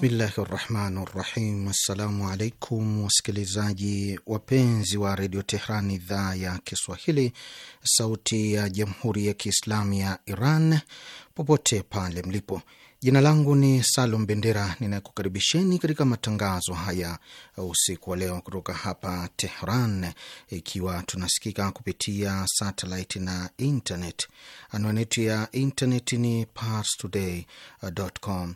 Bismillahi rahmani rahim. Assalamu alaikum wasikilizaji wapenzi wa redio Tehran, idhaa ya Kiswahili, sauti ya jamhuri ya kiislamu ya Iran, popote pale mlipo. Jina langu ni Salum Bendera, ninakukaribisheni katika matangazo haya usiku wa leo kutoka hapa Tehran, ikiwa tunasikika kupitia satellite na internet. Anwani yetu ya internet ni parstoday.com/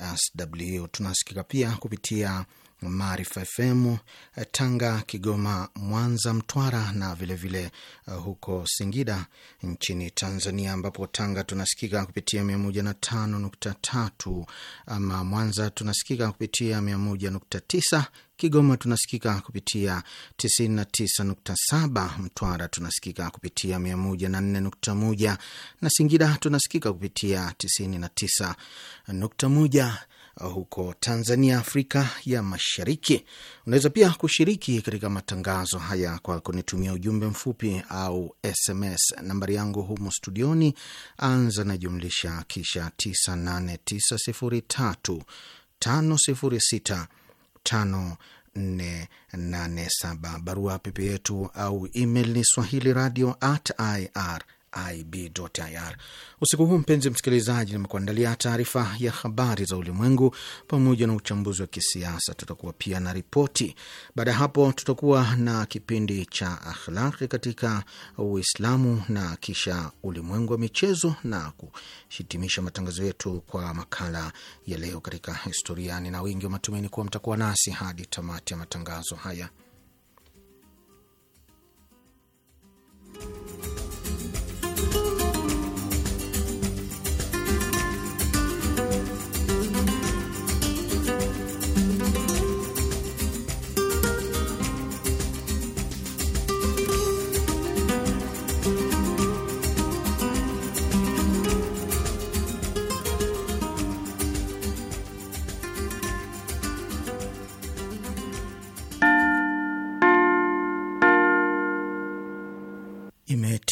SW. Tunasikika pia kupitia Maarifa FM eh, Tanga, Kigoma, Mwanza, Mtwara na vilevile vile eh, huko Singida nchini Tanzania, ambapo Tanga tunasikika kupitia mia moja na tano nukta tatu ama Mwanza tunasikika kupitia mia moja nukta tisa Kigoma tunasikika kupitia 99.7, Mtwara tunasikika kupitia 104.1 na Singida tunasikika kupitia 99.1 huko Tanzania, Afrika ya Mashariki. Unaweza pia kushiriki katika matangazo haya kwa kunitumia ujumbe mfupi au SMS. Nambari yangu humo studioni, anza na jumlisha kisha 98903506 Barua pepe yetu au email ni swahili radio at ir IB.ir. Usiku huu mpenzi msikilizaji, nimekuandalia taarifa ya habari za ulimwengu pamoja na uchambuzi wa kisiasa. Tutakuwa pia na ripoti. Baada ya hapo, tutakuwa na kipindi cha akhlaki katika Uislamu na kisha ulimwengu wa michezo na kuhitimisha matangazo yetu kwa makala ya leo katika historia. na wingi wa matumaini kuwa mtakuwa nasi hadi tamati ya matangazo haya.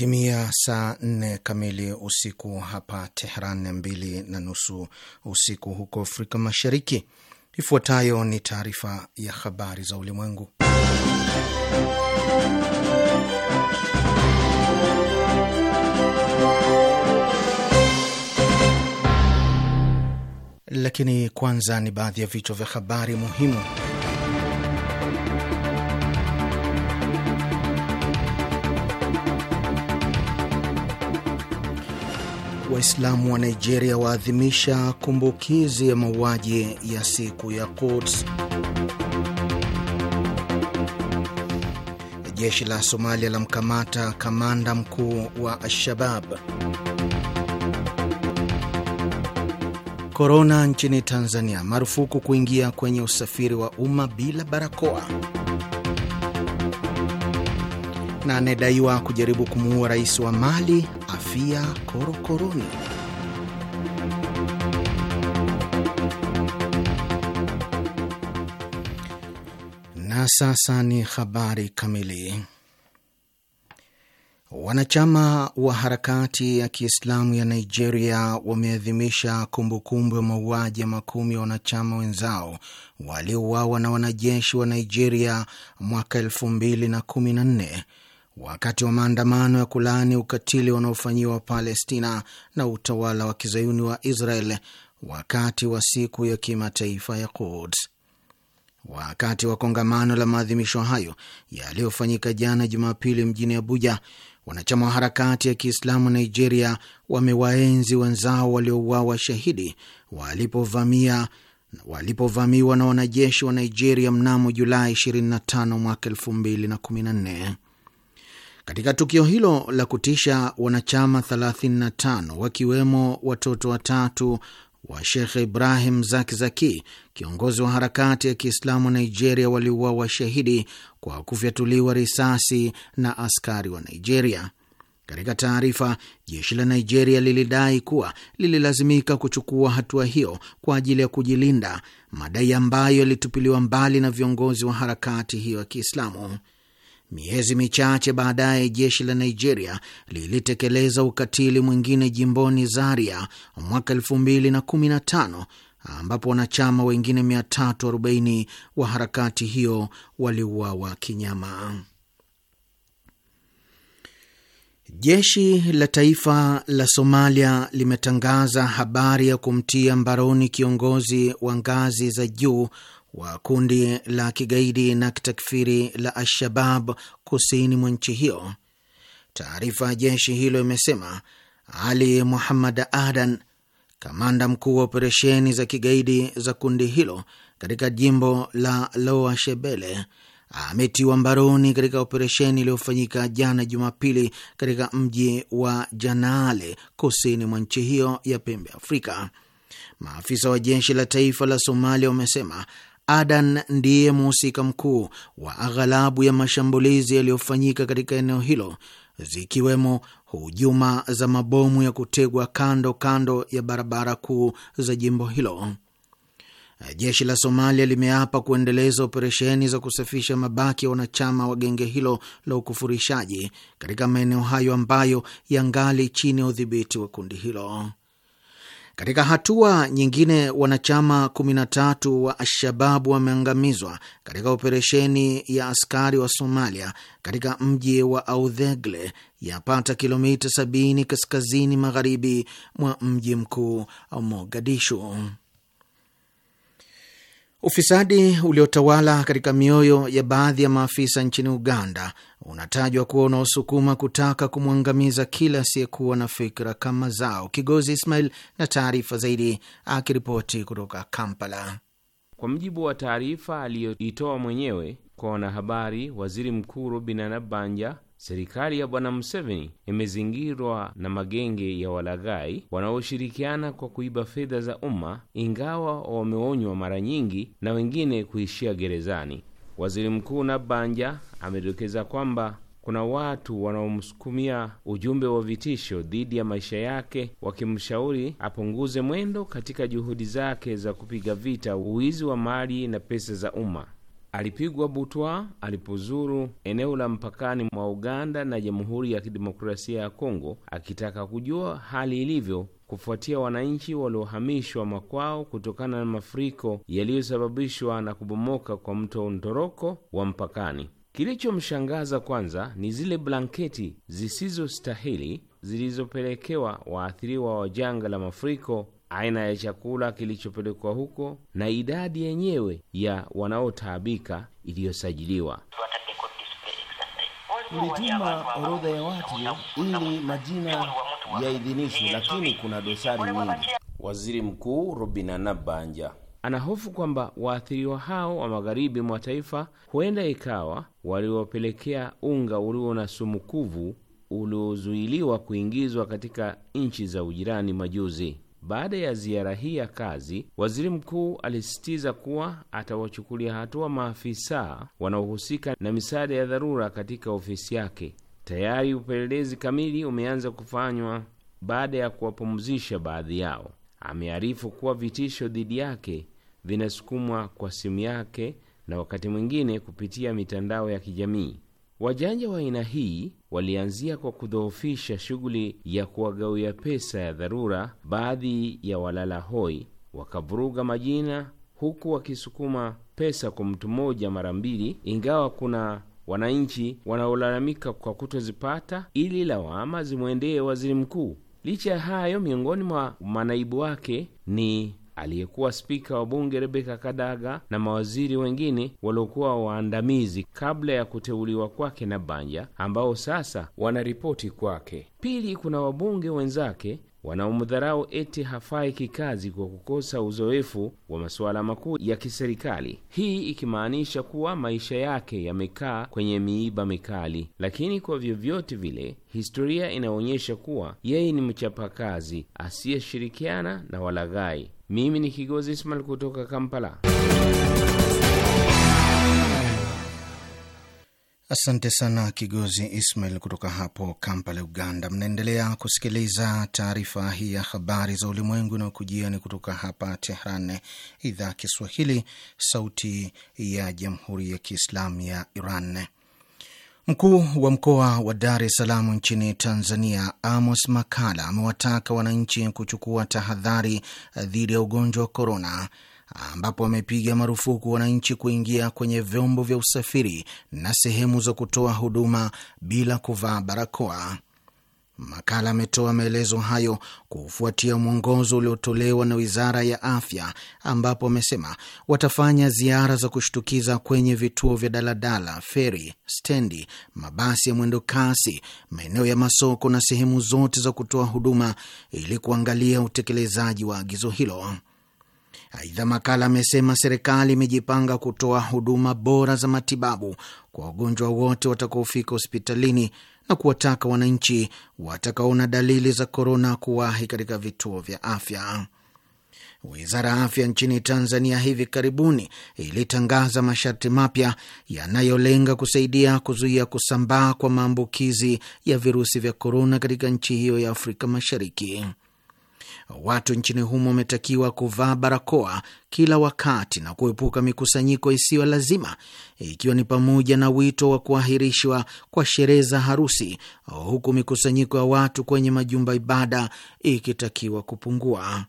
Imetimia saa nne kamili usiku hapa Tehran, mbili na nusu usiku huko Afrika Mashariki. Ifuatayo ni taarifa ya habari za ulimwengu, lakini kwanza ni baadhi ya vichwa vya habari muhimu. Waislamu wa Nigeria waadhimisha kumbukizi ya mauaji ya siku ya Quds. Jeshi la Somalia lamkamata kamanda mkuu wa Alshabab. Korona nchini Tanzania, marufuku kuingia kwenye usafiri wa umma bila barakoa na anayedaiwa kujaribu kumuua rais wa Mali afia korokoroni. Na sasa ni habari kamili. Wanachama wa harakati ya Kiislamu ya Nigeria wameadhimisha kumbukumbu ya mauaji ya makumi ya wanachama wenzao waliouawa na wanajeshi wa Nigeria mwaka elfu mbili na kumi na nne wakati wa maandamano ya kulaani ukatili wanaofanyiwa Palestina na utawala wa kizayuni wa Israel wakati wa siku ya kimataifa ya Quds. Wakati wa kongamano la maadhimisho hayo yaliyofanyika jana Jumapili mjini Abuja, wanachama wa harakati ya Kiislamu Nigeria wamewaenzi wenzao waliouawa shahidi walipovamia walipovamiwa na wanajeshi wa Nigeria mnamo Julai 25 mwaka 2014. Katika tukio hilo la kutisha, wanachama 35 wakiwemo watoto watatu wa Shekh Ibrahim Zakzaki, kiongozi wa harakati ya Kiislamu Nigeria, waliuawa washahidi kwa kufyatuliwa risasi na askari wa Nigeria. Katika taarifa, jeshi la Nigeria lilidai kuwa lililazimika kuchukua hatua hiyo kwa ajili ya kujilinda, madai ambayo yalitupiliwa mbali na viongozi wa harakati hiyo ya Kiislamu. Miezi michache baadaye jeshi la Nigeria lilitekeleza ukatili mwingine jimboni Zaria mwaka 2015 ambapo wanachama wengine 340 wa harakati hiyo waliuawa kinyama. Jeshi la taifa la Somalia limetangaza habari ya kumtia mbaroni kiongozi wa ngazi za juu wa kundi la kigaidi na kitakfiri la Alshabab kusini mwa nchi hiyo. Taarifa ya jeshi hilo imesema Ali Muhammad Adan, kamanda mkuu wa operesheni za kigaidi za kundi hilo katika jimbo la Loa Shebele, ametiwa mbaroni katika operesheni iliyofanyika jana Jumapili katika mji wa Janaale kusini mwa nchi hiyo ya pembe Afrika. Maafisa wa jeshi la taifa la Somalia wamesema Adan ndiye mhusika mkuu wa aghalabu ya mashambulizi yaliyofanyika katika eneo hilo zikiwemo hujuma za mabomu ya kutegwa kando kando ya barabara kuu za jimbo hilo. Jeshi la Somalia limeapa kuendeleza operesheni za kusafisha mabaki ya wanachama wa genge hilo la ukufurishaji katika maeneo hayo ambayo yangali chini ya udhibiti wa kundi hilo. Katika hatua nyingine, wanachama 13 wa Alshababu wameangamizwa katika operesheni ya askari wa Somalia katika mji wa Audhegle, yapata kilomita 70 kaskazini magharibi mwa mji mkuu Mogadishu. Ufisadi uliotawala katika mioyo ya baadhi ya maafisa nchini Uganda unatajwa kuwa unaosukuma kutaka kumwangamiza kila asiyekuwa na fikra kama zao. Kigozi Ismail na taarifa zaidi akiripoti kutoka Kampala. Kwa mujibu wa taarifa aliyoitoa mwenyewe kwa wanahabari, waziri mkuu Robinah Nabbanja Serikali ya Bwana Museveni imezingirwa na magenge ya walaghai wanaoshirikiana kwa kuiba fedha za umma, ingawa wameonywa mara nyingi na wengine kuishia gerezani. Waziri Mkuu banja amedokeza kwamba kuna watu wanaomsukumia ujumbe wa vitisho dhidi ya maisha yake, wakimshauri apunguze mwendo katika juhudi zake za kupiga vita uwizi wa mali na pesa za umma. Alipigwa butwa alipozuru eneo la mpakani mwa Uganda na Jamhuri ya Kidemokrasia ya Kongo akitaka kujua hali ilivyo kufuatia wananchi waliohamishwa makwao kutokana na mafuriko yaliyosababishwa na kubomoka kwa mto Ntoroko wa mpakani. Kilichomshangaza kwanza ni zile blanketi zisizostahili zilizopelekewa waathiriwa wa janga la mafuriko aina ya chakula kilichopelekwa huko na idadi yenyewe ya wanaotaabika iliyosajiliwa. Ulituma orodha ya watu ili majina yaidhinishwe, lakini kuna dosari nyingi. Waziri Mkuu Robin Anabanja anahofu kwamba waathiriwa hao wa magharibi mwa taifa huenda ikawa waliwapelekea unga ulio na sumukuvu uliozuiliwa kuingizwa katika nchi za ujirani majuzi. Baada ya ziara hii ya kazi, waziri mkuu alisisitiza kuwa atawachukulia hatua maafisa wanaohusika na misaada ya dharura katika ofisi yake. Tayari upelelezi kamili umeanza kufanywa baada ya kuwapumzisha baadhi yao. Amearifu kuwa vitisho dhidi yake vinasukumwa kwa simu yake na wakati mwingine kupitia mitandao ya kijamii. Wajanja wa aina hii walianzia kwa kudhoofisha shughuli ya kuwagawia pesa ya dharura baadhi ya walala hoi, wakavuruga majina, huku wakisukuma pesa kwa mtu mmoja mara mbili, ingawa kuna wananchi wanaolalamika kwa kutozipata ili lawama zimwendee waziri mkuu. Licha ya hayo, miongoni mwa manaibu wake ni aliyekuwa spika wa bunge Rebeka Kadaga na mawaziri wengine waliokuwa waandamizi kabla ya kuteuliwa kwake na Banja, ambao sasa wanaripoti kwake. Pili, kuna wabunge wenzake wanaomdharau eti hafai kikazi kwa kukosa uzoefu wa masuala makuu ya kiserikali, hii ikimaanisha kuwa maisha yake yamekaa kwenye miiba mikali. Lakini kwa vyovyote vile, historia inaonyesha kuwa yeye ni mchapakazi asiyeshirikiana na walaghai. Mimi ni Kigozi Ismail kutoka Kampala. Asante sana Kigozi Ismail kutoka hapo Kampala, Uganda. Mnaendelea kusikiliza taarifa hii ya habari za ulimwengu na kujiani kutoka hapa Tehran, idhaa Kiswahili, sauti ya jamhuri ya kiislamu ya Iran. Mkuu wa mkoa wa Dar es Salaam nchini Tanzania, Amos Makala, amewataka wananchi kuchukua tahadhari dhidi ya ugonjwa wa korona, ambapo amepiga marufuku wananchi kuingia kwenye vyombo vya usafiri na sehemu za kutoa huduma bila kuvaa barakoa. Makala ametoa maelezo hayo kufuatia mwongozo uliotolewa na Wizara ya Afya, ambapo amesema watafanya ziara za kushtukiza kwenye vituo vya daladala, feri, stendi, mabasi ya mwendo kasi, maeneo ya masoko na sehemu zote za kutoa huduma ili kuangalia utekelezaji wa agizo hilo. Aidha, Makala amesema serikali imejipanga kutoa huduma bora za matibabu kwa wagonjwa wote watakaofika hospitalini na kuwataka wananchi watakaona dalili za korona kuwahi katika vituo vya afya. Wizara ya afya nchini Tanzania hivi karibuni ilitangaza masharti mapya yanayolenga kusaidia kuzuia kusambaa kwa maambukizi ya virusi vya korona katika nchi hiyo ya Afrika Mashariki watu nchini humo wametakiwa kuvaa barakoa kila wakati na kuepuka mikusanyiko isiyo lazima, ikiwa ni pamoja na wito wa kuahirishwa kwa sherehe za harusi, huku mikusanyiko ya watu kwenye majumba ibada ikitakiwa kupungua.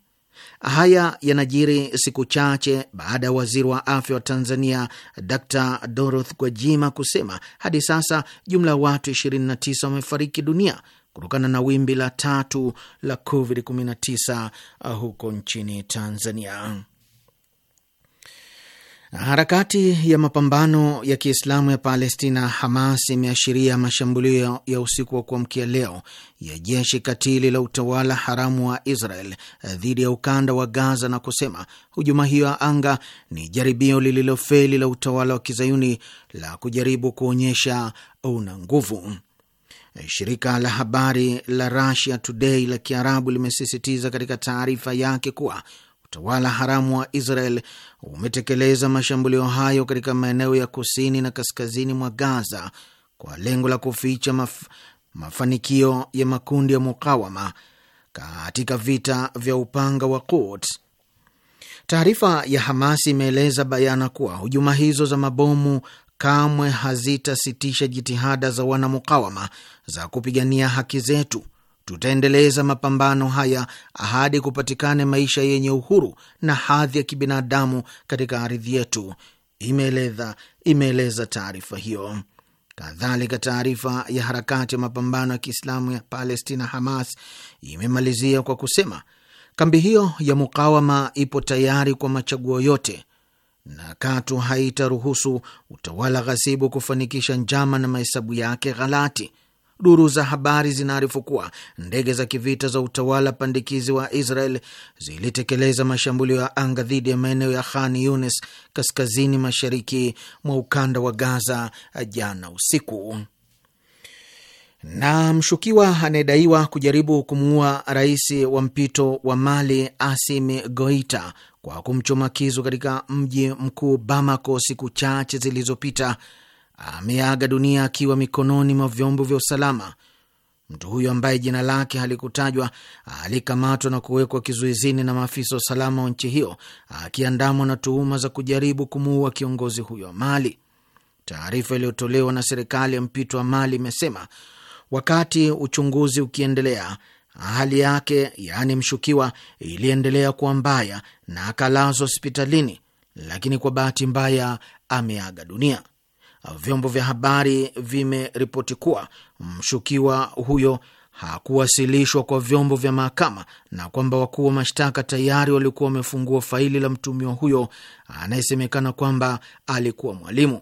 Haya yanajiri siku chache baada ya waziri wa afya wa Tanzania Dr Dorothy Gwajima kusema hadi sasa jumla ya watu 29 wamefariki dunia kutokana na wimbi la tatu la COVID-19 uh, huko nchini Tanzania. Harakati ya mapambano ya Kiislamu ya Palestina, Hamas, imeashiria mashambulio ya usiku wa kuamkia leo ya jeshi katili la utawala haramu wa Israel uh, dhidi ya ukanda wa Gaza na kusema hujuma hiyo ya anga ni jaribio lililofeli la utawala wa kizayuni la kujaribu kuonyesha una nguvu. Eh, shirika la habari la Russia Today la Kiarabu limesisitiza katika taarifa yake kuwa utawala haramu wa Israel umetekeleza mashambulio hayo katika maeneo ya kusini na kaskazini mwa Gaza kwa lengo la kuficha maf mafanikio ya makundi ya mukawama katika vita vya upanga wa Quds. Taarifa ya Hamasi imeeleza bayana kuwa hujuma hizo za mabomu kamwe hazitasitisha jitihada za wanamukawama za kupigania haki zetu. Tutaendeleza mapambano haya hadi kupatikane maisha yenye uhuru na hadhi ya kibinadamu katika ardhi yetu, imeeleza imeeleza taarifa hiyo. Kadhalika, taarifa ya harakati ya mapambano ya Kiislamu ya Palestina, Hamas, imemalizia kwa kusema kambi hiyo ya mukawama ipo tayari kwa machaguo yote na katu haitaruhusu utawala ghasibu kufanikisha njama na mahesabu yake ghalati. Duru za habari zinaarifu kuwa ndege za kivita za utawala pandikizi wa Israel zilitekeleza mashambulio ya anga dhidi ya maeneo ya Khan Yunis kaskazini mashariki mwa ukanda wa Gaza jana usiku. Na mshukiwa anayedaiwa kujaribu kumuua rais wa mpito wa Mali asimi Goita kwa kumchoma kisu katika mji mkuu Bamako siku chache zilizopita ameaga dunia akiwa mikononi mwa vyombo vya usalama. Mtu huyo ambaye jina lake halikutajwa alikamatwa na kuwekwa kizuizini na maafisa wa usalama wa nchi hiyo akiandamwa na tuhuma za kujaribu kumuua kiongozi huyo wa Mali. Taarifa iliyotolewa na serikali ya mpito wa Mali imesema wakati uchunguzi ukiendelea, hali yake, yaani mshukiwa, iliendelea kuwa mbaya na akalazwa hospitalini, lakini kwa bahati mbaya ameaga dunia. Vyombo vya habari vimeripoti kuwa mshukiwa huyo hakuwasilishwa kwa vyombo vya mahakama na kwamba wakuu wa mashtaka tayari walikuwa wamefungua faili la mtumiwa huyo anayesemekana kwamba alikuwa mwalimu.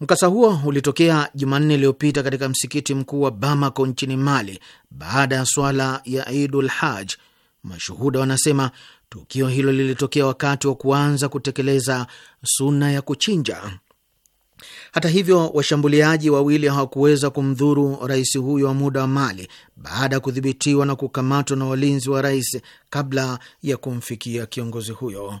Mkasa huo ulitokea Jumanne iliyopita katika msikiti mkuu wa Bamako nchini Mali baada ya swala ya Idul Haj. Mashuhuda wanasema tukio hilo lilitokea wakati wa kuanza kutekeleza suna ya kuchinja. Hata hivyo, washambuliaji wawili hawakuweza kumdhuru rais huyo wa muda wa Mali baada ya kudhibitiwa na kukamatwa na walinzi wa rais kabla ya kumfikia kiongozi huyo.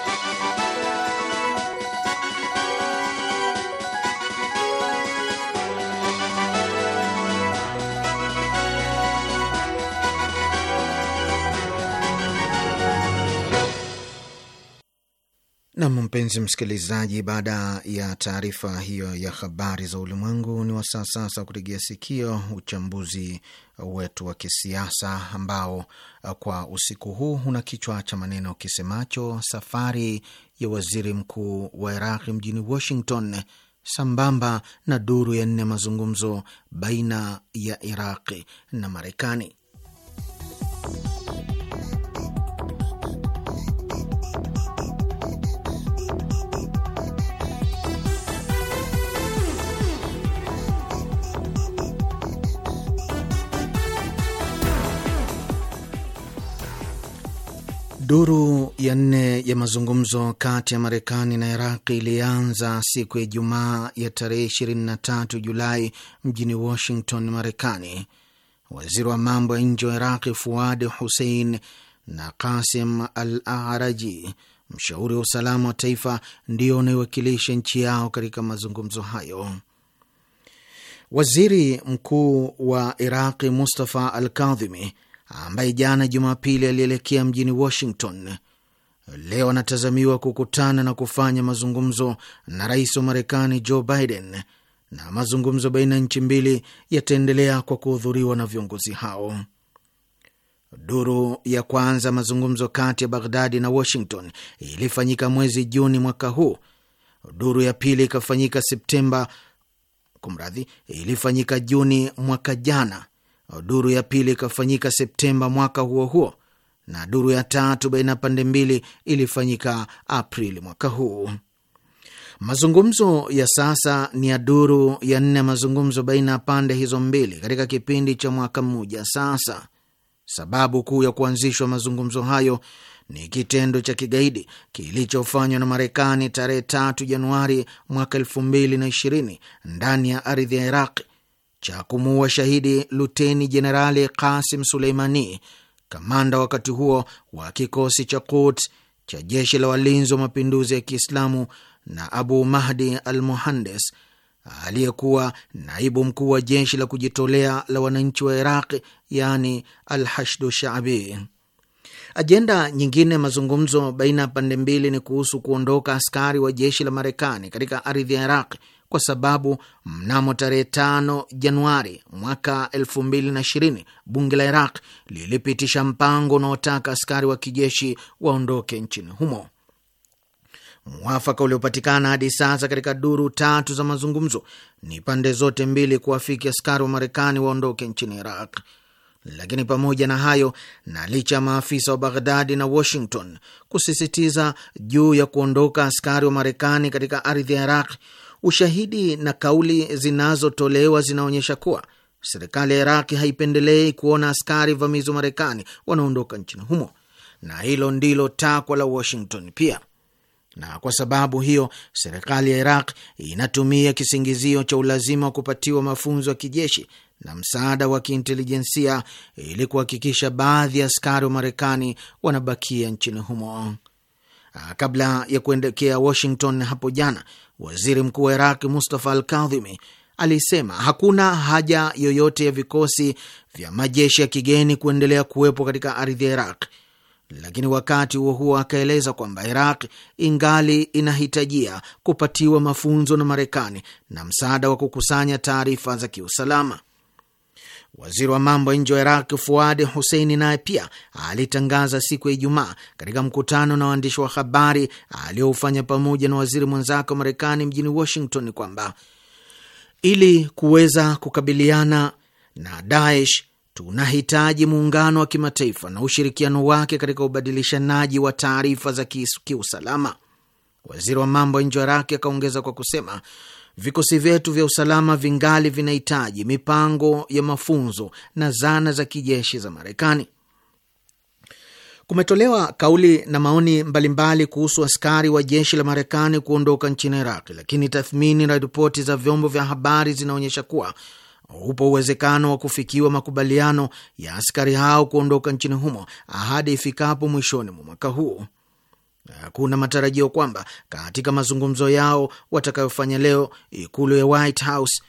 Nam, mpenzi msikilizaji, baada ya taarifa hiyo ya habari za ulimwengu, ni wasaa sasa kutegea sikio uchambuzi wetu wa kisiasa ambao kwa usiku huu una kichwa cha maneno kisemacho safari ya waziri mkuu wa Iraqi mjini Washington sambamba na duru ya nne mazungumzo baina ya Iraqi na Marekani. Duru ya nne ya mazungumzo kati ya Marekani na Iraqi ilianza siku ya Ijumaa ya tarehe 23 Julai mjini Washington, Marekani. Waziri wa mambo ya nje wa Iraqi Fuad Hussein na Qasim Al Araji, mshauri wa usalama wa taifa, ndio wanaowakilisha nchi yao katika mazungumzo hayo. Waziri mkuu wa Iraqi Mustafa Al Kadhimi ambaye jana Jumapili alielekea mjini Washington, leo anatazamiwa kukutana na kufanya mazungumzo na rais wa Marekani Joe Biden, na mazungumzo baina ya nchi mbili yataendelea kwa kuhudhuriwa na viongozi hao. Duru ya kwanza mazungumzo kati ya Baghdadi na Washington ilifanyika mwezi Juni mwaka huu. Duru ya pili ikafanyika Septemba, kumradhi, ilifanyika Juni mwaka jana Duru ya pili ikafanyika Septemba mwaka huo huo na duru ya tatu baina ya pande mbili ilifanyika Aprili mwaka huu. Mazungumzo ya sasa ni ya duru ya nne ya mazungumzo baina ya pande hizo mbili katika kipindi cha mwaka mmoja sasa. Sababu kuu ya kuanzishwa mazungumzo hayo ni kitendo cha kigaidi kilichofanywa na Marekani tarehe tatu Januari mwaka ishirini ndani ya ardhi ya Iraqi cha kumuua shahidi Luteni Jenerali Kasim Suleimani, kamanda wakati huo wa kikosi cha Quds cha jeshi la walinzi wa mapinduzi ya Kiislamu na Abu Mahdi al Muhandes aliyekuwa naibu mkuu wa jeshi la kujitolea la wananchi wa Iraqi, yani al Hashdu Shabi. Ajenda nyingine ya mazungumzo baina ya pande mbili ni kuhusu kuondoka askari wa jeshi la Marekani katika ardhi ya Iraq kwa sababu mnamo tarehe 5 Januari mwaka 2020 bunge la Iraq lilipitisha mpango unaotaka askari wa kijeshi waondoke nchini humo. Mwafaka uliopatikana hadi sasa katika duru tatu za mazungumzo ni pande zote mbili kuwafiki askari wa Marekani waondoke nchini Iraq. Lakini pamoja na hayo, na licha ya maafisa wa Baghdadi na Washington kusisitiza juu ya kuondoka askari wa Marekani katika ardhi ya Iraq, Ushahidi na kauli zinazotolewa zinaonyesha kuwa serikali ya Iraqi haipendelei kuona askari vamizi wa Marekani wanaondoka nchini humo, na hilo ndilo takwa la Washington pia. Na kwa sababu hiyo serikali ya Iraq inatumia kisingizio cha ulazima wa kupatiwa mafunzo ya kijeshi na msaada wa kiintelijensia ili kuhakikisha baadhi ya askari wa Marekani wanabakia nchini humo. Ah, kabla ya kuendekea Washington hapo jana, waziri mkuu wa Iraq Mustafa Al Kadhimi alisema hakuna haja yoyote ya vikosi vya majeshi ya kigeni kuendelea kuwepo katika ardhi ya Iraq, lakini wakati huo huo akaeleza kwamba Iraq ingali inahitajia kupatiwa mafunzo na Marekani na msaada wa kukusanya taarifa za kiusalama. Waziri wa mambo ya nje wa Iraq Fuadi Huseini naye pia alitangaza siku ya Ijumaa katika mkutano na waandishi wa habari aliyoufanya pamoja na waziri mwenzake wa Marekani mjini Washington kwamba ili kuweza kukabiliana na Daesh tunahitaji muungano wa kimataifa na ushirikiano wake katika ubadilishanaji wa taarifa za kiusalama. Waziri wa mambo ya nje wa Iraq akaongeza kwa kusema Vikosi vyetu vya usalama vingali vinahitaji mipango ya mafunzo na zana za kijeshi za Marekani. Kumetolewa kauli na maoni mbalimbali mbali kuhusu askari wa jeshi la Marekani kuondoka nchini iraq lakini tathmini na ripoti za vyombo vya habari zinaonyesha kuwa upo uwezekano wa kufikiwa makubaliano ya askari hao kuondoka nchini humo ahadi ifikapo mwishoni mwa mwaka huu. Kuna matarajio kwamba katika mazungumzo yao watakayofanya leo ikulu ya White House,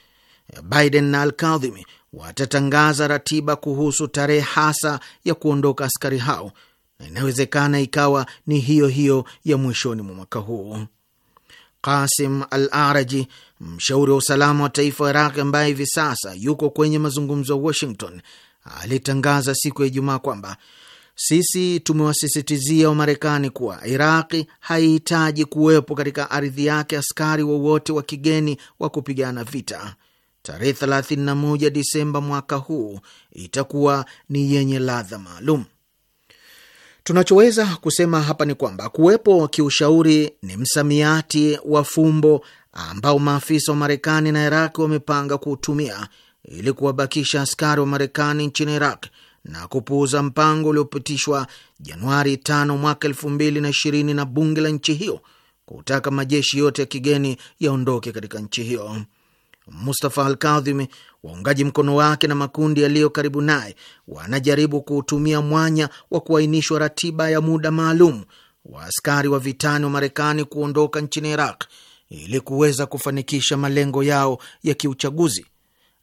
Biden na alkadhimi watatangaza ratiba kuhusu tarehe hasa ya kuondoka askari hao, na inawezekana ikawa ni hiyo hiyo ya mwishoni mwa mwaka huu. Kasim Al-Araji, mshauri wa usalama wa taifa wa Iraq ambaye hivi sasa yuko kwenye mazungumzo ya Washington, alitangaza siku ya Ijumaa kwamba sisi tumewasisitizia Wamarekani kuwa Iraqi haihitaji kuwepo katika ardhi yake askari wowote wa, wa kigeni wa kupigana vita. Tarehe 31 Disemba mwaka huu itakuwa ni yenye ladha maalum. Tunachoweza kusema hapa ni kwamba kuwepo kiushauri ni msamiati wa fumbo ambao maafisa wa Marekani na Iraqi wamepanga kuutumia ili kuwabakisha askari wa Marekani nchini Iraq na kupuuza mpango uliopitishwa Januari 5 mwaka elfu mbili na ishirini na bunge la nchi hiyo kutaka majeshi yote ya kigeni yaondoke katika nchi hiyo. Mustafa Al Kadhimi, waungaji mkono wake na makundi yaliyo karibu naye wanajaribu kuutumia mwanya wa kuainishwa ratiba ya muda maalum wa askari wa vitani wa Marekani kuondoka nchini Iraq ili kuweza kufanikisha malengo yao ya kiuchaguzi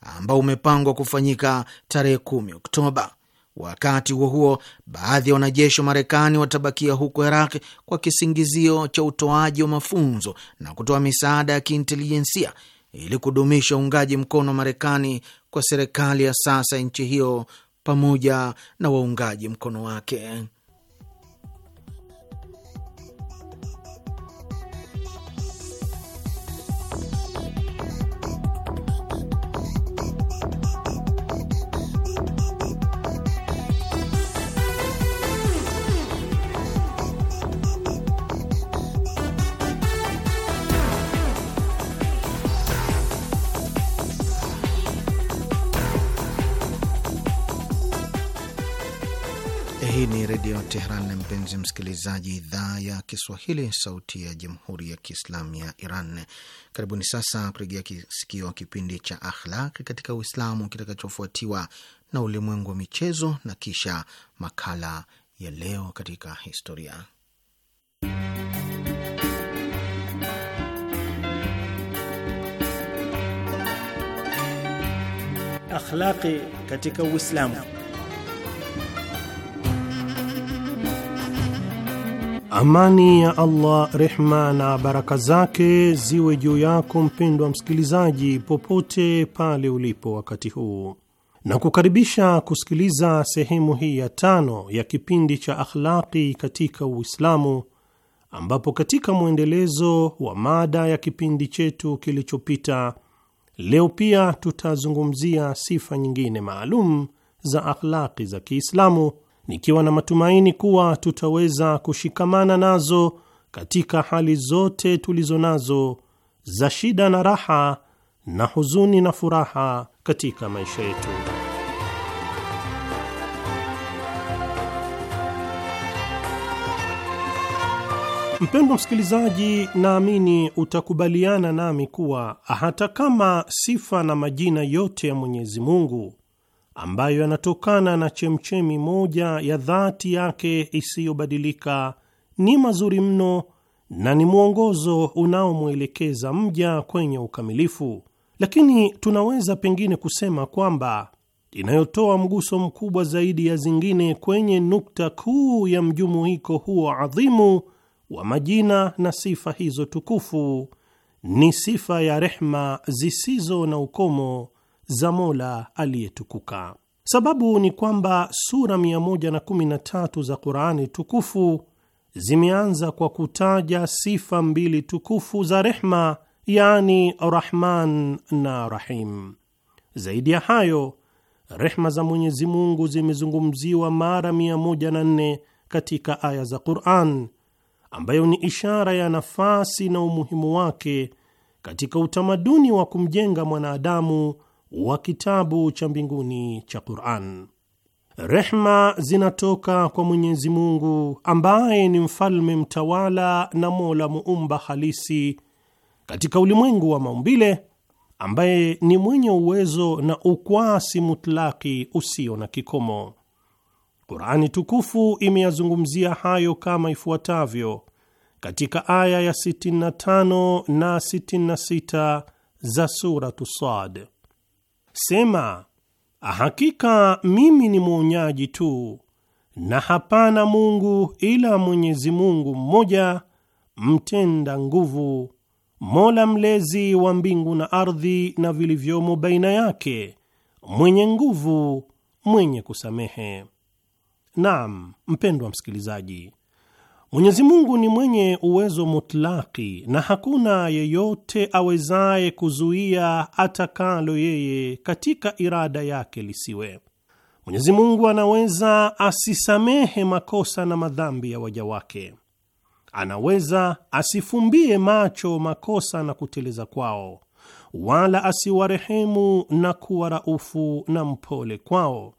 ambao umepangwa kufanyika tarehe 10 Oktoba. Wakati huo huo, baadhi ya wanajeshi wa Marekani watabakia huko Iraq kwa kisingizio cha utoaji wa mafunzo na kutoa misaada ya kiintelijensia ili kudumisha uungaji mkono wa Marekani kwa serikali ya sasa ya nchi hiyo pamoja na waungaji mkono wake. Tehran, mpenzi msikilizaji, idhaa ya Kiswahili, sauti ya jamhuri ya kiislamu ya Iran. Karibuni sasa kuregea kisikio kipindi cha akhlaq katika Uislamu kitakachofuatiwa na ulimwengu wa michezo na kisha makala ya leo katika historia. Akhlaqi katika Uislamu. Amani ya Allah, rehma na baraka zake ziwe juu yako mpendwa msikilizaji, popote pale ulipo wakati huu, na kukaribisha kusikiliza sehemu hii ya tano ya kipindi cha Akhlaqi katika Uislamu, ambapo katika mwendelezo wa mada ya kipindi chetu kilichopita, leo pia tutazungumzia sifa nyingine maalum za akhlaqi za Kiislamu nikiwa na matumaini kuwa tutaweza kushikamana nazo katika hali zote tulizo nazo za shida na raha na huzuni na furaha katika maisha yetu. Mpendwa msikilizaji, naamini utakubaliana nami kuwa hata kama sifa na majina yote ya Mwenyezi Mungu ambayo yanatokana na chemchemi moja ya dhati yake isiyobadilika ni mazuri mno na ni mwongozo unaomwelekeza mja kwenye ukamilifu, lakini tunaweza pengine kusema kwamba inayotoa mguso mkubwa zaidi ya zingine kwenye nukta kuu ya mjumuiko huo adhimu wa majina na sifa hizo tukufu ni sifa ya rehma zisizo na ukomo za Mola aliyetukuka. Sababu ni kwamba sura 113 za Qur'ani tukufu zimeanza kwa kutaja sifa mbili tukufu za rehma, yani Rahman na Rahim. Zaidi ya hayo, rehma za Mwenyezi Mungu zimezungumziwa mara 104 katika aya za Qur'an, ambayo ni ishara ya nafasi na umuhimu wake katika utamaduni wa kumjenga mwanadamu wa kitabu cha mbinguni cha Qur'an. Rehma zinatoka kwa Mwenyezi Mungu ambaye ni mfalme mtawala na Mola muumba halisi katika ulimwengu wa maumbile, ambaye ni mwenye uwezo na ukwasi mutlaki usio na kikomo. Qur'ani tukufu imeyazungumzia hayo kama ifuatavyo katika aya ya 65 na 66 za suratu Sad: Sema, hakika mimi ni mwonyaji tu, na hapana Mungu ila Mwenyezi Mungu mmoja, mtenda nguvu, Mola mlezi wa mbingu na ardhi na vilivyomo baina yake, mwenye nguvu, mwenye kusamehe. Naam, mpendwa msikilizaji Mwenyezi Mungu ni mwenye uwezo mutlaki na hakuna yeyote awezaye kuzuia atakalo yeye katika irada yake lisiwe. Mwenyezi Mungu anaweza asisamehe makosa na madhambi ya waja wake, anaweza asifumbie macho makosa na kuteleza kwao, wala asiwarehemu na kuwa raufu na mpole kwao,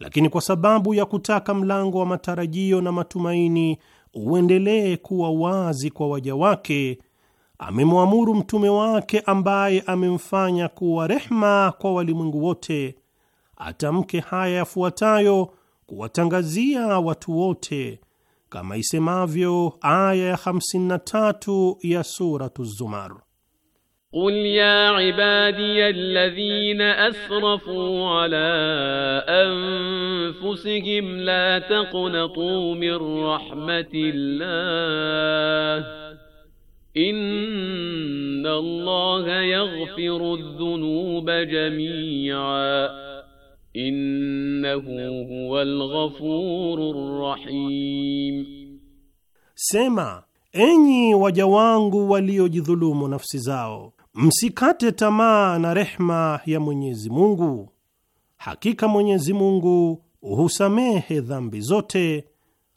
lakini kwa sababu ya kutaka mlango wa matarajio na matumaini uendelee kuwa wazi kwa waja wake, amemwamuru mtume wake ambaye amemfanya kuwa rehma kwa walimwengu wote, atamke haya yafuatayo kuwatangazia watu wote, kama isemavyo aya ya 53 ya Suratu Zumar: قل يا عبادي الذين أسرفوا على أنفسهم لا تقنطوا من رحمة الله إن الله يغفر الذنوب جميعا إنه هو الغفور الرحيم سما enyi waja wangu waliojidhulumu nafsi zao Msikate tamaa na rehma ya Mwenyezi Mungu, hakika Mwenyezi Mungu husamehe dhambi zote,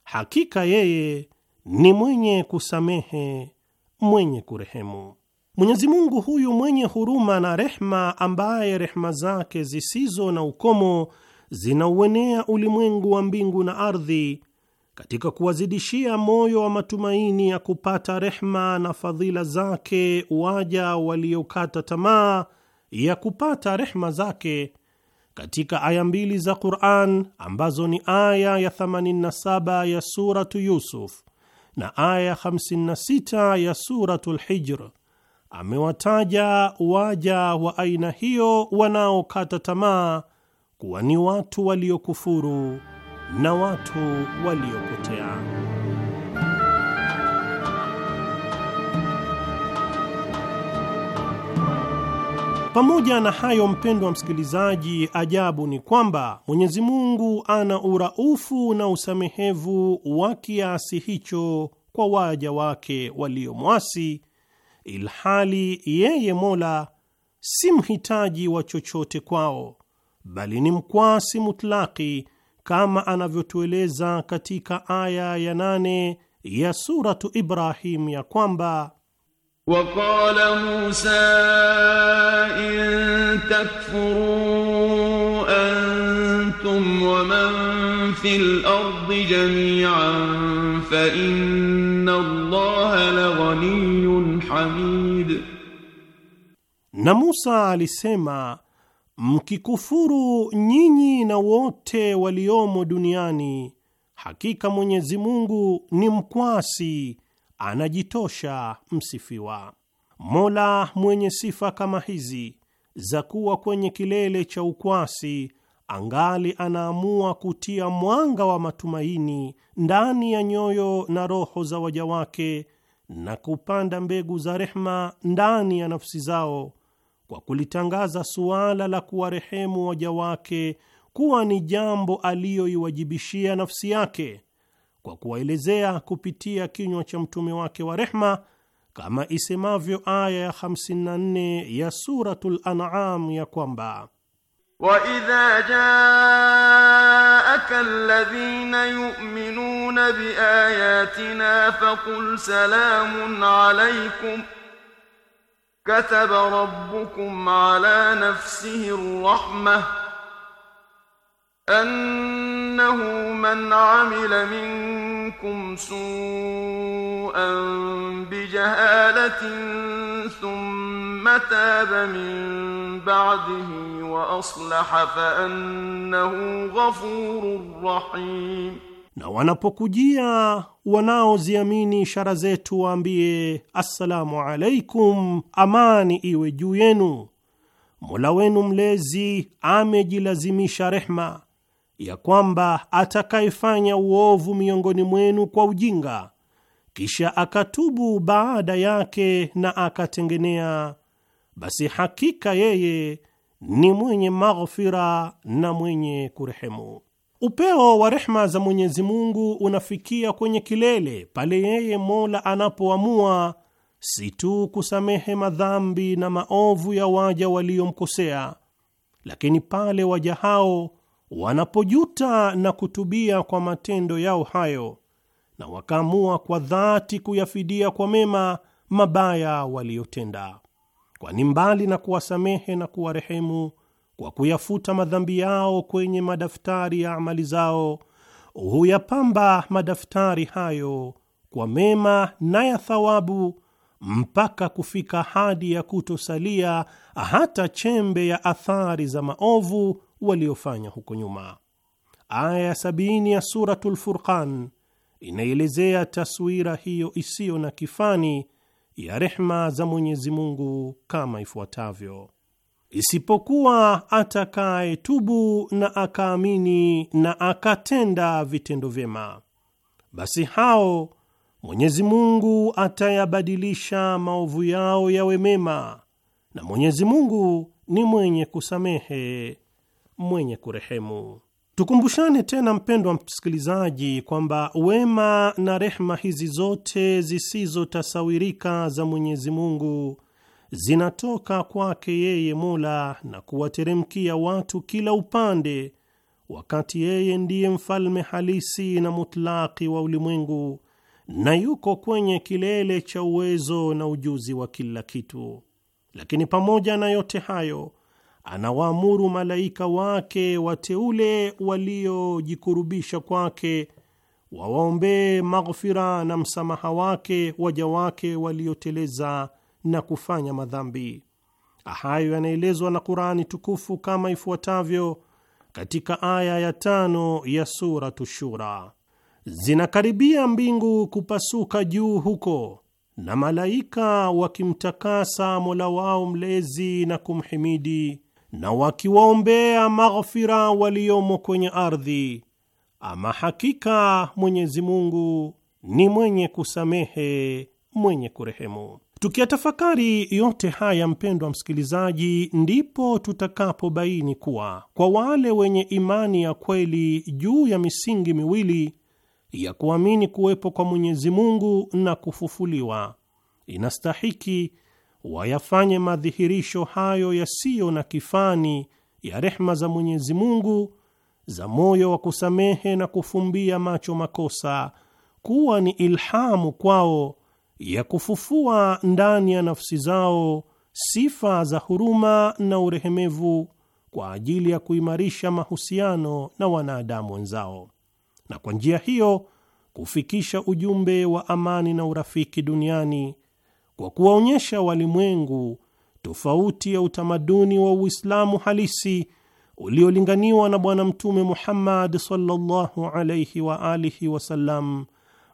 hakika yeye ni mwenye kusamehe, mwenye kurehemu. Mwenyezi Mungu huyu mwenye huruma na rehma, ambaye rehma zake zisizo na ukomo zinauenea ulimwengu wa mbingu na ardhi katika kuwazidishia moyo wa matumaini ya kupata rehma na fadhila zake waja waliokata tamaa ya kupata rehma zake katika aya mbili za Qur'an ambazo ni aya ya 87 ya suratu Yusuf na aya 56 ya suratu lhijr amewataja waja wa aina hiyo wanaokata tamaa kuwa ni watu waliokufuru na watu waliopotea. Pamoja na hayo, mpendwa msikilizaji, ajabu ni kwamba Mwenyezi Mungu ana uraufu na usamehevu wa kiasi hicho kwa waja wake waliomwasi, ilhali yeye Mola si mhitaji wa chochote kwao, bali ni mkwasi mutlaki kama anavyotueleza katika aya ya nane ya Suratu Ibrahim ya kwamba waqala Musa in takfuru antum wa man fil ardi jami'an fa inna Allah la laghaniyyun hamid, na Musa alisema mkikufuru nyinyi na wote waliomo duniani, hakika Mwenyezi Mungu ni mkwasi, anajitosha msifiwa. Mola mwenye sifa kama hizi za kuwa kwenye kilele cha ukwasi angali anaamua kutia mwanga wa matumaini ndani ya nyoyo na roho za waja wake na kupanda mbegu za rehma ndani ya nafsi zao kwa kulitangaza suala la kuwarehemu waja wake kuwa ni jambo aliyoiwajibishia nafsi yake kwa kuwaelezea kupitia kinywa cha mtume wake wa rehma kama isemavyo aya ya 54 ya Suratul An'am ya kwamba waidha jaaka alladhina yuminuna biayatina faqul salamun alaykum كتب ربكم على نفسه الرحمة أنه من عمل منكم سوءا بجهالة ثم تاب من بعده وأصلح فأنه غفور رحيم na wanapokujia wanaoziamini ishara zetu waambie, assalamu alaikum, amani iwe juu yenu. Mola wenu mlezi amejilazimisha rehma ya kwamba atakayefanya uovu miongoni mwenu kwa ujinga, kisha akatubu baada yake na akatengenea, basi hakika yeye ni mwenye maghfira na mwenye kurehemu. Upeo wa rehma za Mwenyezi Mungu unafikia kwenye kilele pale yeye Mola anapoamua si tu kusamehe madhambi na maovu ya waja waliomkosea, lakini pale waja hao wanapojuta na kutubia kwa matendo yao hayo na wakaamua kwa dhati kuyafidia kwa mema mabaya waliyotenda, kwani mbali na kuwasamehe na kuwarehemu kwa kuyafuta madhambi yao kwenye madaftari ya amali zao, huyapamba madaftari hayo kwa mema na ya thawabu mpaka kufika hadi ya kutosalia hata chembe ya athari za maovu waliofanya huko nyuma. Aya ya sabini ya Suratul Furqan inaelezea taswira hiyo isiyo na kifani ya rehma za Mwenyezi Mungu kama ifuatavyo: isipokuwa tubu na akaamini na akatenda vitendo vyema, basi hao Mwenyezi Mungu atayabadilisha maovu yao yawe mema, na Mwenyezi Mungu ni mwenye kusamehe, mwenye kurehemu. Tukumbushane tena mpendwa msikilizaji, kwamba wema na rehma hizi zote zisizotasawirika za Mwenyezi Mungu zinatoka kwake yeye Mola na kuwateremkia watu kila upande, wakati yeye ndiye mfalme halisi na mutlaki wa ulimwengu na yuko kwenye kilele cha uwezo na ujuzi wa kila kitu. Lakini pamoja na yote hayo, anawaamuru malaika wake wateule waliojikurubisha kwake wawaombee maghfira na msamaha wake waja wake walioteleza na kufanya madhambi. Hayo yanaelezwa na Qurani tukufu kama ifuatavyo katika aya ya tano ya Suratu Shura: zinakaribia mbingu kupasuka juu huko na malaika wakimtakasa Mola wao mlezi na kumhimidi na wakiwaombea maghfira waliomo kwenye ardhi. Ama hakika Mwenyezi Mungu ni mwenye kusamehe mwenye kurehemu. Tukiyatafakari yote haya, mpendwa msikilizaji, ndipo tutakapobaini kuwa kwa wale wenye imani ya kweli juu ya misingi miwili ya kuamini kuwepo kwa Mwenyezi Mungu na kufufuliwa, inastahiki wayafanye madhihirisho hayo yasiyo na kifani ya rehma za Mwenyezi Mungu za moyo wa kusamehe na kufumbia macho makosa kuwa ni ilhamu kwao ya kufufua ndani ya nafsi zao sifa za huruma na urehemevu kwa ajili ya kuimarisha mahusiano na wanadamu wenzao, na kwa njia hiyo kufikisha ujumbe wa amani na urafiki duniani kwa kuwaonyesha walimwengu tofauti ya utamaduni wa Uislamu halisi uliolinganiwa na Bwana Mtume Muhammad sallallahu alaihi wa alihi wasallam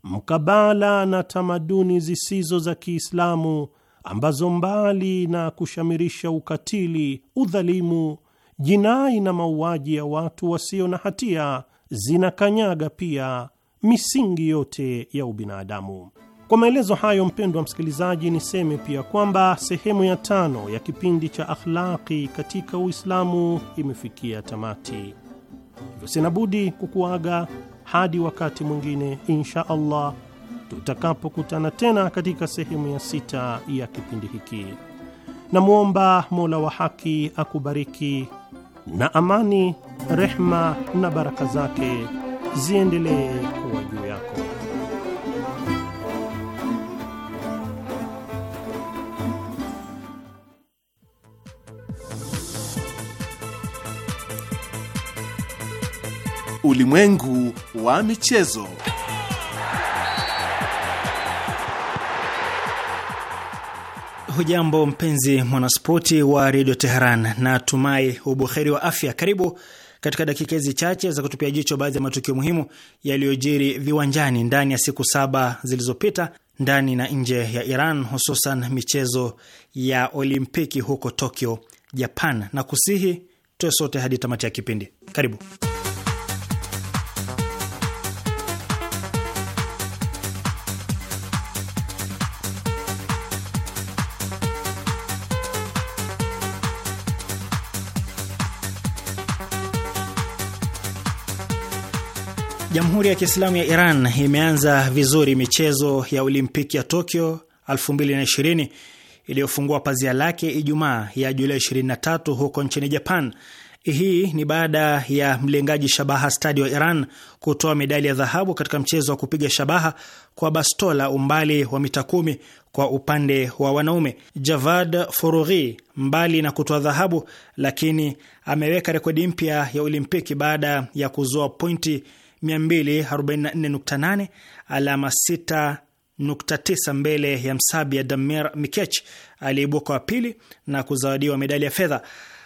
mkabala na tamaduni zisizo za Kiislamu ambazo mbali na kushamirisha ukatili, udhalimu, jinai na mauaji ya watu wasio na hatia zinakanyaga pia misingi yote ya ubinadamu. Kwa maelezo hayo, mpendwa msikilizaji, niseme pia kwamba sehemu ya tano ya kipindi cha Akhlaqi katika Uislamu imefikia tamati, hivyo sina budi kukuaga hadi wakati mwingine insha Allah tutakapokutana tena katika sehemu ya sita ya kipindi hiki. Namwomba Mola wa haki akubariki na amani, rehma na baraka zake ziendelee kuwa juu yako. Ulimwengu wa michezo. Hujambo mpenzi mwanaspoti wa redio Teheran, na tumai ubuheri wa afya. Karibu katika dakika hizi chache za kutupia jicho baadhi ya matukio muhimu yaliyojiri viwanjani ndani ya siku saba zilizopita ndani na nje ya Iran, hususan michezo ya Olimpiki huko Tokyo, Japan, na kusihi tuwe sote hadi tamati ya kipindi. Karibu. Jamhuri ya Kiislamu ya Iran imeanza vizuri michezo ya Olimpiki ya Tokyo 2020 iliyofungua pazia lake Ijumaa ya Julai 23 huko nchini Japan. Hii ni baada ya mlengaji shabaha stadi wa Iran kutoa medali ya dhahabu katika mchezo wa kupiga shabaha kwa bastola umbali wa mita kumi kwa upande wa wanaume. Javad Forughi, mbali na kutoa dhahabu, lakini ameweka rekodi mpya ya Olimpiki baada ya kuzoa pointi 244.8 alama 6.9 mbele ya Msabi ya Damir Mikech aliyeibuka wa pili na kuzawadiwa medali ya fedha.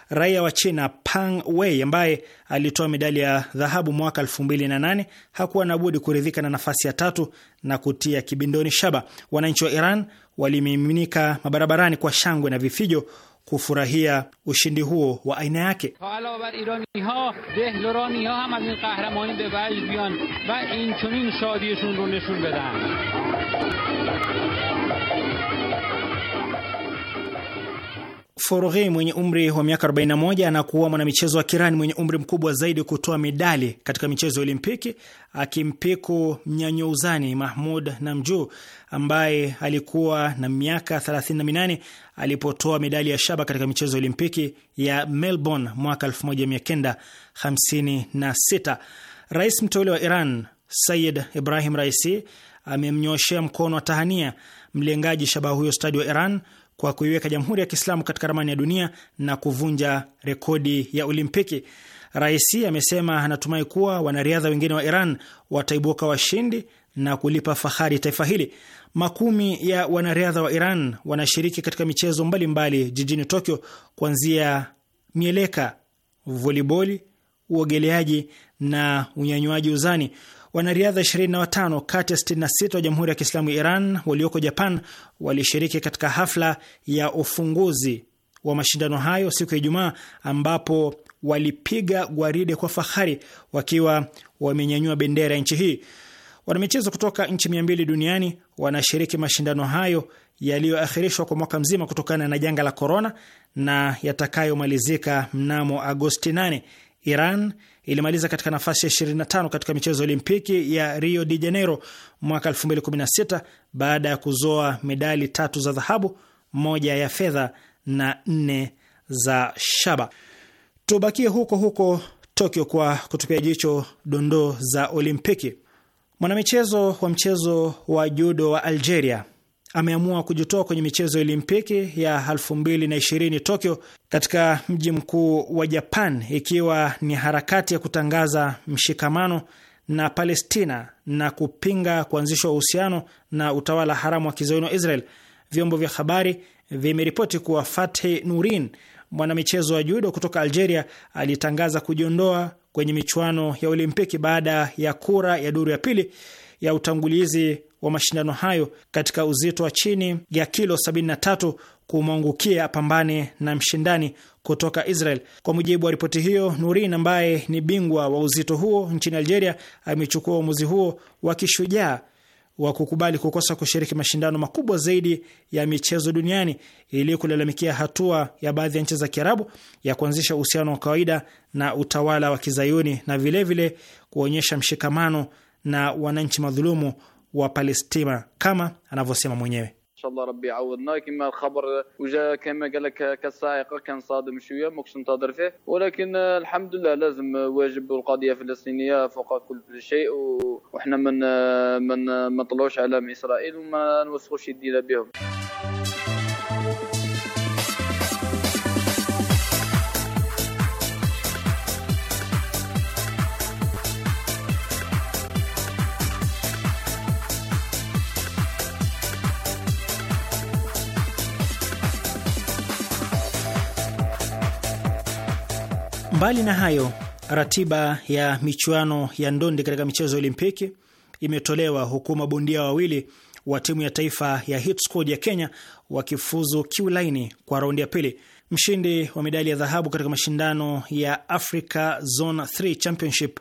Raia wa China Pang Wei ambaye alitoa medali ya dhahabu mwaka 2008 hakuwa na budi kuridhika na nafasi ya tatu na kutia kibindoni shaba. Wananchi wa Iran walimiminika mabarabarani kwa shangwe na vifijo کفر احیا هو و عیناقه حالا بعد ایرانی ها دهلورانی ها هم از این قهرمان به وجد بیان و این چنین شادیشون رو نشون بدن Foroghi mwenye umri wa miaka 41 na kuwa mwanamichezo wa Kirani mwenye umri mkubwa zaidi kutoa medali katika michezo ya Olimpiki, akimpiku mnyanyouzani Mahmud Namju ambaye alikuwa na miaka 38 alipotoa medali ya shaba katika michezo ya Olimpiki ya Melbourne mwaka 1956. Rais mteule wa Iran Sayid Ibrahim Raisi amemnyoshea mkono wa tahania mlengaji shaba huyo stadi wa Iran kwa kuiweka Jamhuri ya Kiislamu katika ramani ya dunia na kuvunja rekodi ya Olimpiki. Raisi amesema anatumai kuwa wanariadha wengine wa Iran wataibuka washindi na kulipa fahari taifa hili. Makumi ya wanariadha wa Iran wanashiriki katika michezo mbalimbali mbali jijini Tokyo, kuanzia mieleka, voliboli, uogeleaji na unyanywaji uzani. Wanariadha 25 kati ya 66 wa Jamhuri ya Kiislamu ya Iran walioko Japan walishiriki katika hafla ya ufunguzi wa mashindano hayo siku ya Ijumaa, ambapo walipiga gwaride kwa fahari wakiwa wamenyanyua bendera ya nchi hii. Wanamichezo kutoka nchi mbili duniani wanashiriki mashindano hayo yaliyoakhirishwa kwa mwaka mzima kutokana na janga la korona na yatakayomalizika mnamo Agosti 8. Iran ilimaliza katika nafasi ya 25 katika michezo ya Olimpiki ya Rio de Janeiro mwaka 2016 baada ya kuzoa medali tatu za dhahabu, moja ya fedha na nne za shaba. Tubakie huko huko Tokyo kwa kutupia jicho dondoo za Olimpiki. Mwanamichezo wa mchezo wa judo wa Algeria ameamua kujitoa kwenye michezo ya Olimpiki ya 2020 Tokyo katika mji mkuu wa Japan, ikiwa ni harakati ya kutangaza mshikamano na Palestina na kupinga kuanzishwa uhusiano na utawala haramu wa kizayuni wa Israel. Vyombo vya habari vimeripoti kuwa Fathi Nurin, mwanamichezo wa judo kutoka Algeria, alitangaza kujiondoa kwenye michuano ya Olimpiki baada ya kura ya duru ya pili ya utangulizi wa mashindano hayo katika uzito wa chini ya kilo 73 kumwangukia pambane na mshindani kutoka Israel. Kwa mujibu wa ripoti hiyo, Nurin ambaye ni bingwa wa uzito huo nchini Algeria amechukua uamuzi huo wa kishujaa wa kukubali kukosa kushiriki mashindano makubwa zaidi ya michezo duniani ili kulalamikia hatua ya baadhi ya nchi za Kiarabu ya kuanzisha uhusiano wa kawaida na utawala wa Kizayuni na vilevile vile kuonyesha mshikamano na wananchi madhulumu wa Palestina kama anavyosema mwenyewe. ان شاء الله ربي يعوضنا كما الخبر وجا كما قال لك كالصاعقه كان صادم شويه ما كنتش ننتظر فيه ولكن الحمد لله لازم واجب القضيه الفلسطينيه فوق كل شيء وحنا ما من ما نطلعوش على اسرائيل وما نوسخوش يدينا بهم Mbali na hayo, ratiba ya michuano ya ndondi katika michezo ya Olimpiki imetolewa huku mabondia wawili wa timu ya taifa ya Hit Squad ya Kenya wakifuzu kiulaini kwa raundi ya pili. Mshindi wa medali ya dhahabu katika mashindano ya Africa Zone 3 Championship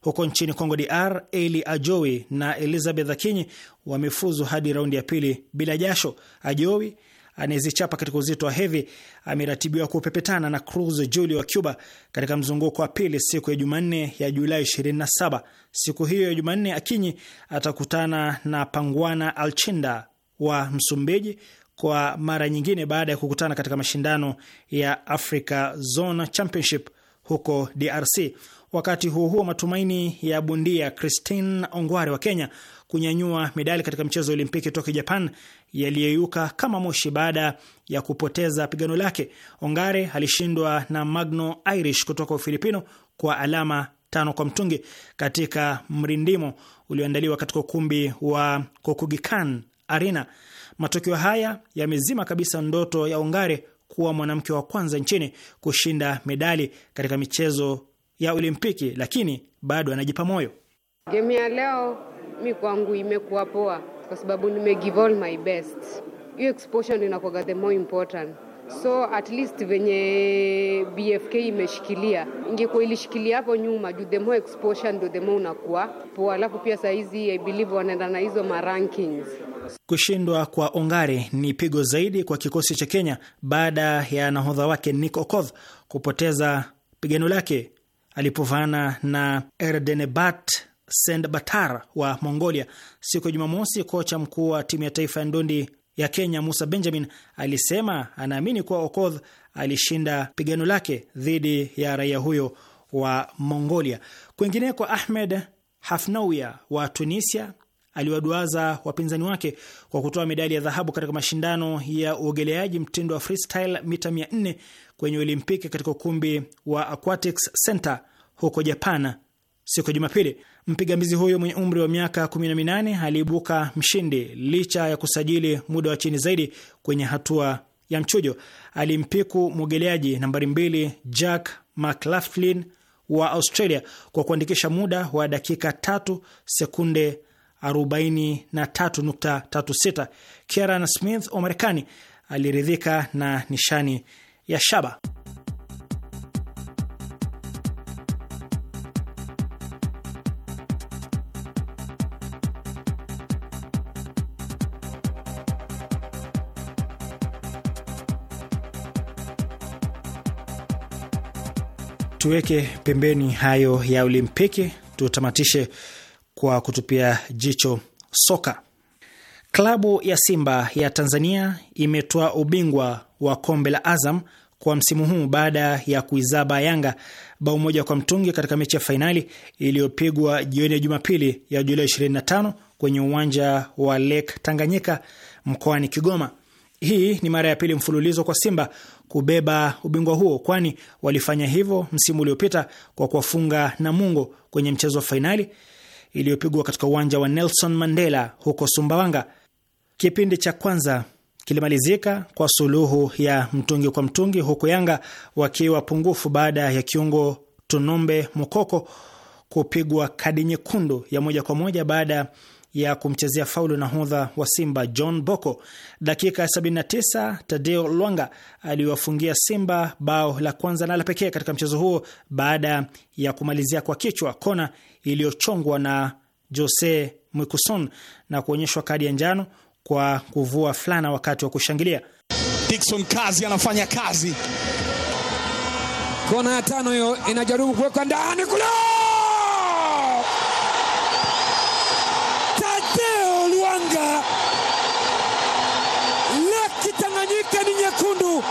huko nchini Congo DR, Eli Ajowi na Elizabeth Akinyi wamefuzu hadi raundi ya pili bila jasho. Ajowi anayezichapa katika uzito wa hevi ameratibiwa kupepetana na Cruz Juli wa Cuba katika mzunguko wa pili siku ya Jumanne ya Julai 27. Siku hiyo ya Jumanne, Akinyi atakutana na Pangwana Alchinda wa Msumbiji kwa mara nyingine baada ya kukutana katika mashindano ya Africa Zone Championship huko DRC. Wakati huo huo, matumaini ya bundia Christine Ongware wa Kenya kunyanyua medali katika mchezo wa Olimpiki Tokyo, Japan yaliyeyuka kama moshi baada ya kupoteza pigano lake. Ongare alishindwa na Magno Irish kutoka Ufilipino kwa alama tano kwa mtungi katika mrindimo ulioandaliwa katika ukumbi wa Kokugikan Arena. Matokeo haya yamezima kabisa ndoto ya Ongare kuwa mwanamke wa kwanza nchini kushinda medali katika michezo ya Olimpiki, lakini bado anajipa moyo. Gemu ya leo mi kwangu imekuwa poa kwa sababu nime give all my best. Hiyo exposure inakuwa the more important so at least venye BFK imeshikilia, ingekuwa ilishikilia hapo nyuma, juu the more exposure ndo the more unakuwa poa. Alafu pia hizi I believe wanaenda na hizo rankings. Kushindwa kwa Ongare ni pigo zaidi kwa kikosi cha Kenya baada ya nahodha wake Nick Okoth kupoteza pigano lake alipovana na Erdenebat Sendbatar wa Mongolia siku ya Jumamosi. Kocha mkuu wa timu ya taifa ya ndondi ya Kenya Musa Benjamin alisema anaamini kuwa Okoth alishinda pigano lake dhidi ya raia huyo wa Mongolia. Kwingineko, Ahmed Hafnawia wa Tunisia aliwaduaza wapinzani wake kwa kutoa medali ya dhahabu katika mashindano ya uogeleaji mtindo wa freestyle mita 400 kwenye Olimpiki katika ukumbi wa Aquatics Center huko Japan siku ya Jumapili mpigambizi huyo mwenye umri wa miaka 18 aliibuka mshindi licha ya kusajili muda wa chini zaidi kwenye hatua ya mchujo. Alimpiku mwogeleaji nambari mbili Jack McLaughlin wa Australia kwa kuandikisha muda wa dakika 3 sekunde 43.36. Kieran Smith wa Marekani aliridhika na nishani ya shaba. Tuweke pembeni hayo ya Olimpiki, tutamatishe kwa kutupia jicho soka. Klabu ya Simba ya Tanzania imetoa ubingwa wa kombe la Azam kwa msimu huu baada ya kuizaba Yanga bao moja kwa mtungi katika mechi ya fainali iliyopigwa jioni ya Jumapili ya Julai 25 kwenye uwanja wa Lake Tanganyika mkoani Kigoma. Hii ni mara ya pili mfululizo kwa Simba kubeba ubingwa huo, kwani walifanya hivyo msimu uliopita kwa kuwafunga Namungo kwenye mchezo wa fainali iliyopigwa katika uwanja wa Nelson Mandela huko Sumbawanga. Kipindi cha kwanza kilimalizika kwa suluhu ya mtungi kwa mtungi, huku Yanga wakiwa pungufu baada ya kiungo Tunombe Mokoko kupigwa kadi nyekundu ya moja kwa moja baada ya kumchezea faulu nahodha wa Simba John Boko. Dakika ya 79 Tadeo Lwanga aliwafungia Simba bao la kwanza na la pekee katika mchezo huo baada ya kumalizia kwa kichwa kona iliyochongwa na Jose Mwikuson na kuonyeshwa kadi ya njano kwa kuvua fulana wakati wa kushangilia. Dikson kazi anafanya kazi, kona ya tano hiyo inajaribu kuwekwa ndani kule Tanganyika. Laki Tanganyika ni nyekundu,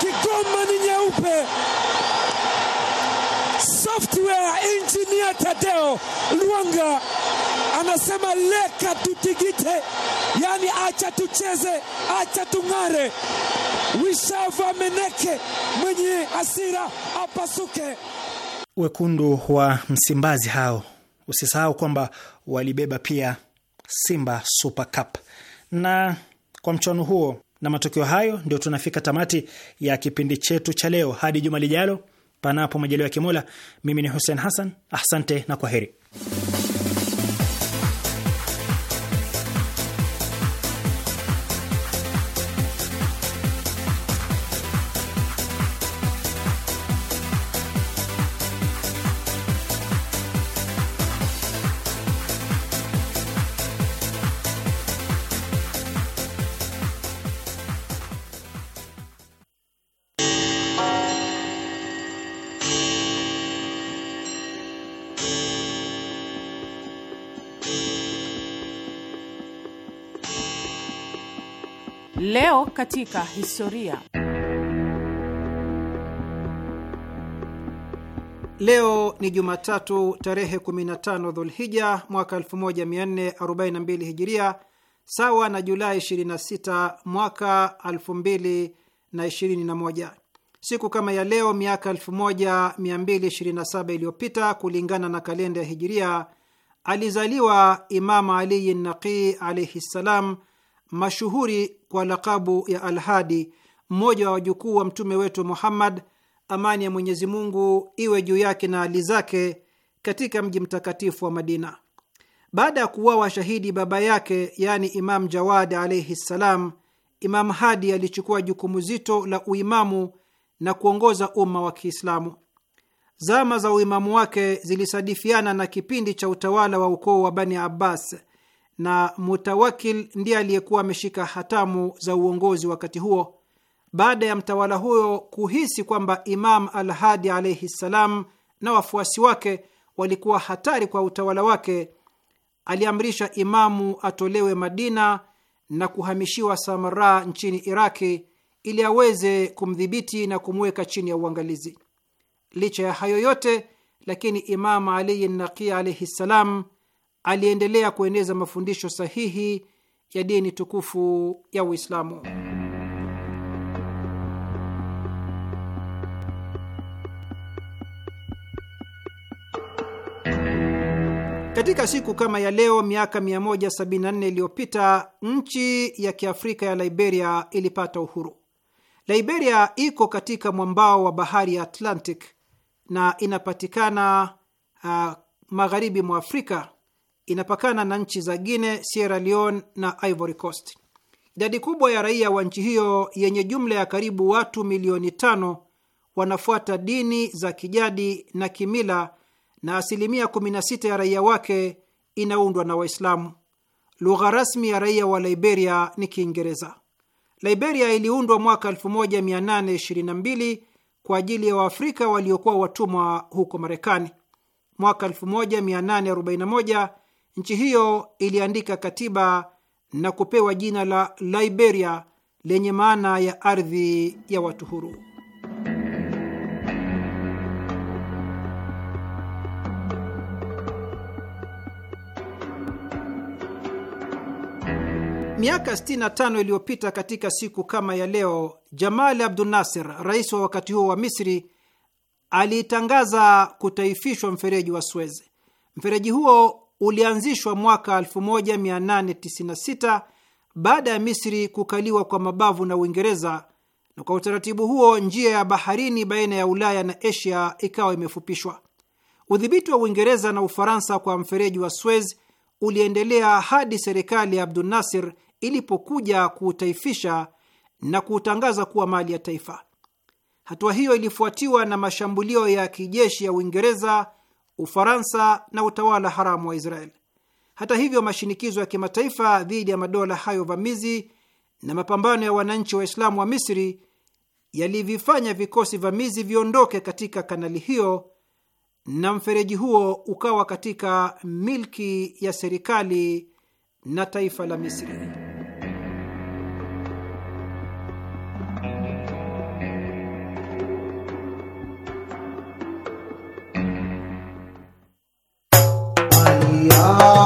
Kigoma ni nyeupe. Software engineer Tadeo Luanga anasema leka tutigite, yani acha tucheze, acha tung'are. Wishava Meneke mwenye asira apasuke. Wekundu wa Msimbazi hao, usisahau kwamba walibeba pia Simba Super Cup. Na kwa mchuano huo na matokeo hayo, ndio tunafika tamati ya kipindi chetu cha leo. Hadi juma lijalo, panapo majaliwa ya Kimola, mimi ni Hussein Hassan, asante na kwa heri. katika historia. Leo ni Jumatatu tarehe 15 Dhulhija mwaka 1442 Hijiria, sawa na Julai 26 mwaka 2021. Siku kama ya leo miaka 1227 iliyopita kulingana na kalenda ya Hijiria alizaliwa Imam Aliyi Naqi alaihi ssalam, mashuhuri kwa lakabu ya Alhadi, mmoja wa wajukuu wa mtume wetu Muhammad, amani ya Mwenyezi Mungu iwe juu yake na hali zake, katika mji mtakatifu wa Madina. Baada ya kuuawa shahidi baba yake, yaani Imam Jawad alaihi ssalam, Imam Hadi alichukua jukumu zito la uimamu na kuongoza umma wa Kiislamu. Zama za uimamu wake zilisadifiana na kipindi cha utawala wa ukoo wa Bani Abbas na Mutawakil ndiye aliyekuwa ameshika hatamu za uongozi wakati huo. Baada ya mtawala huyo kuhisi kwamba Imam Alhadi alaihi ssalam na wafuasi wake walikuwa hatari kwa utawala wake, aliamrisha imamu atolewe Madina na kuhamishiwa Samara nchini Iraki ili aweze kumdhibiti na kumweka chini ya uangalizi. Licha ya hayo yote, lakini Imamu Ali Naqi alaihi ssalam aliendelea kueneza mafundisho sahihi ya dini tukufu ya Uislamu. Katika siku kama ya leo miaka 174 iliyopita nchi ya Kiafrika ya Liberia ilipata uhuru. Liberia iko katika mwambao wa bahari ya Atlantic na inapatikana uh, magharibi mwa Afrika inapakana na nchi za Guinea, Sierra Leone na Ivory Coast. Idadi kubwa ya raia wa nchi hiyo yenye jumla ya karibu watu milioni tano wanafuata dini za kijadi na kimila na asilimia 16 ya raia wake inaundwa na Waislamu. Lugha rasmi ya raia wa Liberia ni Kiingereza. Liberia iliundwa mwaka 1822 kwa ajili ya Waafrika waliokuwa watumwa huko Marekani. Mwaka 1841 Nchi hiyo iliandika katiba na kupewa jina la Liberia lenye maana ya ardhi ya watu huru. Miaka 65 iliyopita katika siku kama ya leo, Jamal Abdul Nasser, rais wa wakati huo wa Misri, aliitangaza kutaifishwa mfereji wa Suez. Mfereji huo ulianzishwa mwaka 1896 baada ya Misri kukaliwa kwa mabavu na Uingereza, na kwa utaratibu huo njia ya baharini baina ya Ulaya na Asia ikawa imefupishwa. Udhibiti wa Uingereza na Ufaransa kwa mfereji wa Suez uliendelea hadi serikali ya Abdul Nasir ilipokuja kuutaifisha na kuutangaza kuwa mali ya taifa. Hatua hiyo ilifuatiwa na mashambulio ya kijeshi ya Uingereza Ufaransa na utawala haramu wa israel Hata hivyo, mashinikizo ya kimataifa dhidi ya madola hayo vamizi na mapambano ya wananchi Waislamu wa Misri yalivifanya vikosi vamizi viondoke katika kanali hiyo na mfereji huo ukawa katika milki ya serikali na taifa la Misri. Maria.